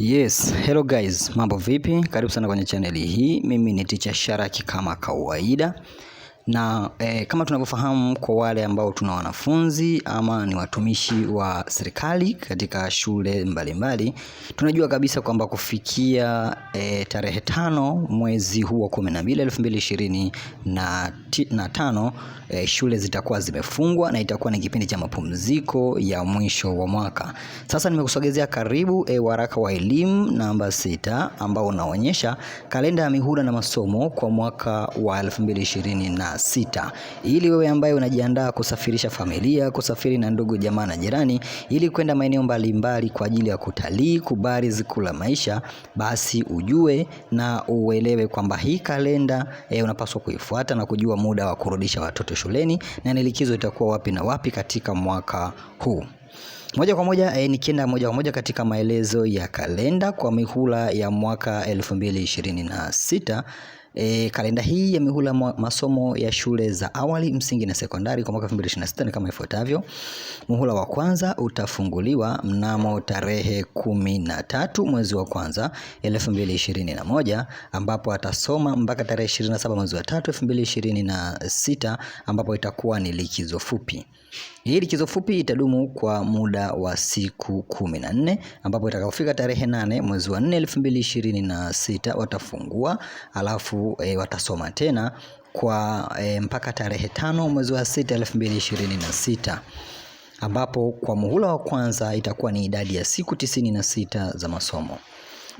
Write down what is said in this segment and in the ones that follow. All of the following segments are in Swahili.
Yes, hello guys, mambo vipi? Karibu sana kwenye chaneli hii. Mimi ni Teacher Sharaki kama kawaida, na eh, kama tunavyofahamu kwa wale ambao tuna wanafunzi ama ni watumishi wa serikali katika shule mbalimbali mbali, tunajua kabisa kwamba kufikia eh, tarehe tano mwezi huu wa kumi na mbili elfu mbili ishirini na tano e, shule zitakuwa zimefungwa na itakuwa ni kipindi cha mapumziko ya mwisho wa mwaka. Sasa nimekusogezea karibu e, waraka wa elimu namba sita ambao unaonyesha kalenda ya mihula na masomo kwa mwaka wa 2026 ili wewe ambaye unajiandaa kusafirisha familia, kusafiri na ndugu jamaa na jirani ili kwenda maeneo mbalimbali kwa ajili ya kutalii, kubarizi, kula maisha, basi ujue na uelewe kwamba hii kalenda e, unapaswa kuifuata na kujua muda wa kurudisha watoto shuleni na ni likizo itakuwa wapi na wapi katika mwaka huu. Moja kwa moja e, nikienda moja kwa moja katika maelezo ya kalenda kwa mihula ya mwaka 2026 E, kalenda hii ya mihula masomo ya shule za awali msingi na sekondari kwa mwaka 2026 ni kama ifuatavyo. Muhula wa kwanza utafunguliwa mnamo tarehe kumi na tatu mwezi wa kwanza 2021 ambapo atasoma mpaka tarehe 27 mwezi wa tatu 2026 ambapo itakuwa ni likizo fupi. Hii likizo fupi itadumu kwa muda wa siku kumi na nne ambapo itakapofika tarehe nane mwezi wa 4 2026 watafungua alafu e, watasoma tena kwa e, mpaka tarehe tano mwezi wa sita elfu mbili ishirini na sita ambapo kwa muhula wa kwanza itakuwa ni idadi ya siku tisini na sita za masomo.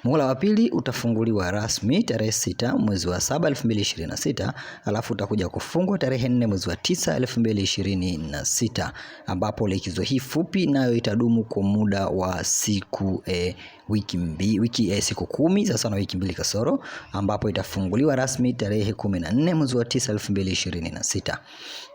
Muhula wa pili utafunguliwa rasmi tarehe sita mwezi wa saba elfu mbili ishirini na sita alafu utakuja kufungwa tarehe nne mwezi wa tisa elfu mbili ishirini na sita ambapo likizo hii fupi nayo itadumu kwa muda wa siku e, wiki mbi, wiki eh, siku kumi sasa na wiki mbili kasoro, ambapo itafunguliwa rasmi tarehe kumi na nne mwezi wa tisa elfu mbili ishirini na sita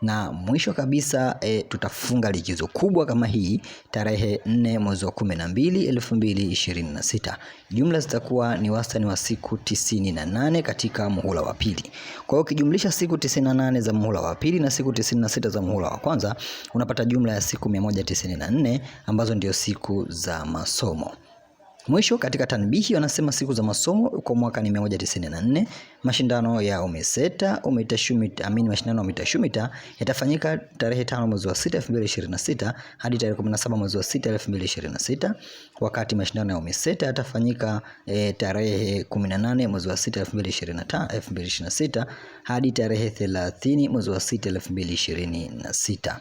na mwisho kabisa eh, tutafunga likizo kubwa kama hii tarehe nne mwezi wa kumi na mbili elfu mbili ishirini na sita. Jumla zitakuwa ni wastani wa siku tisini na nane katika muhula wa pili. Kwa hiyo ukijumlisha siku tisini na nane za muhula wa pili na siku tisini na sita za muhula wa kwanza unapata jumla ya siku mia moja tisini na nne ambazo ndio siku za masomo. Mwisho katika tanbihi wanasema siku za masomo kwa mwaka ni 194. Mashindano ya UMISETA UMITASHUMITA, amini mashindano ya UMITASHUMITA yatafanyika tarehe 5 mwezi wa 6 2026 hadi tarehe 17 mwezi wa 6 2026, wakati mashindano ya UMISETA yatafanyika e, tarehe 18 mwezi wa 6 2026 hadi tarehe 30 mwezi wa 6 2026.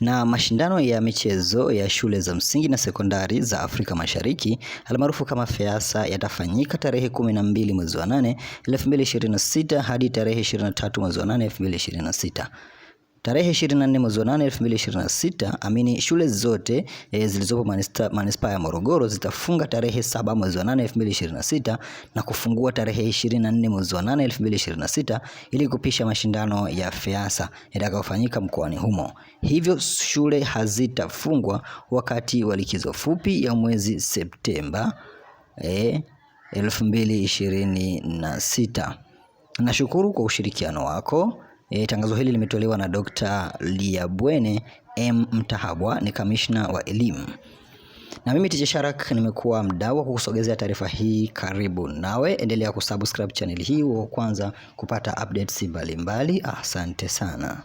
Na mashindano ya michezo ya shule za msingi na sekondari za Afrika Mashariki almaarufu kama FEASA yatafanyika tarehe 12 mwezi wa 8 2026 hadi tarehe 23 mwezi wa 8 2026. Tarehe 24 mwezi wa 8 2026, amini shule zote e, zilizopo manispaa ya Morogoro zitafunga tarehe 7 mwezi wa 8 2026 na kufungua tarehe 24 mwezi wa 8 2026 ili kupisha mashindano ya FEASA yatakayofanyika mkoani humo. Hivyo shule hazitafungwa wakati wa likizo fupi ya mwezi Septemba e, eh, 2026. Nashukuru kwa ushirikiano wako. E, tangazo hili limetolewa na Dr. Liabwene M Mtahabwa ni kamishna wa elimu. Na mimi Teacher Sharak nimekuwa mdau wa kukusogezea taarifa hii karibu nawe. Endelea kusubscribe channel hii wa kwanza kupata updates mbalimbali mbali. Asante sana.